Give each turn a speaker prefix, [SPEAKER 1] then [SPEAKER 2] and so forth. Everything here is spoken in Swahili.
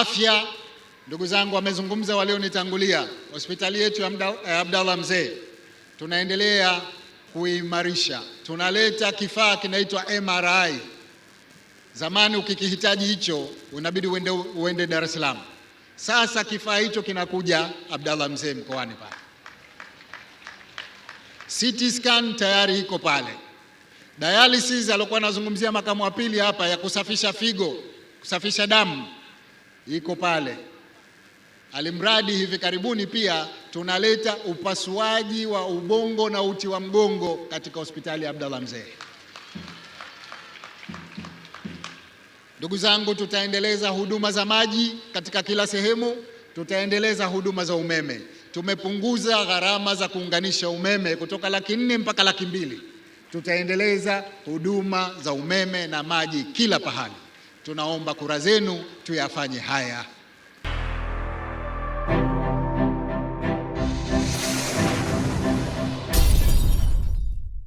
[SPEAKER 1] afya. Ndugu zangu wamezungumza walionitangulia. Hospitali yetu ya eh, Abdallah Mzee tunaendelea kuimarisha, tunaleta kifaa kinaitwa MRI. Zamani ukikihitaji hicho unabidi uende, uende Dar es Salaam. Sasa kifaa hicho kinakuja Abdallah Mzee mkoani pale. CT scan tayari iko pale. Dialysis aliokuwa anazungumzia makamu wa pili hapa, ya kusafisha figo, kusafisha damu iko pale. Alimradi hivi karibuni pia tunaleta upasuaji wa ubongo na uti wa mgongo katika hospitali ya Abdallah Mzee. Ndugu zangu, tutaendeleza huduma za maji katika kila sehemu, tutaendeleza huduma za umeme. Tumepunguza gharama za kuunganisha umeme kutoka laki nne mpaka laki mbili. Tutaendeleza huduma za umeme na maji kila pahali. Tunaomba kura zenu tuyafanye haya.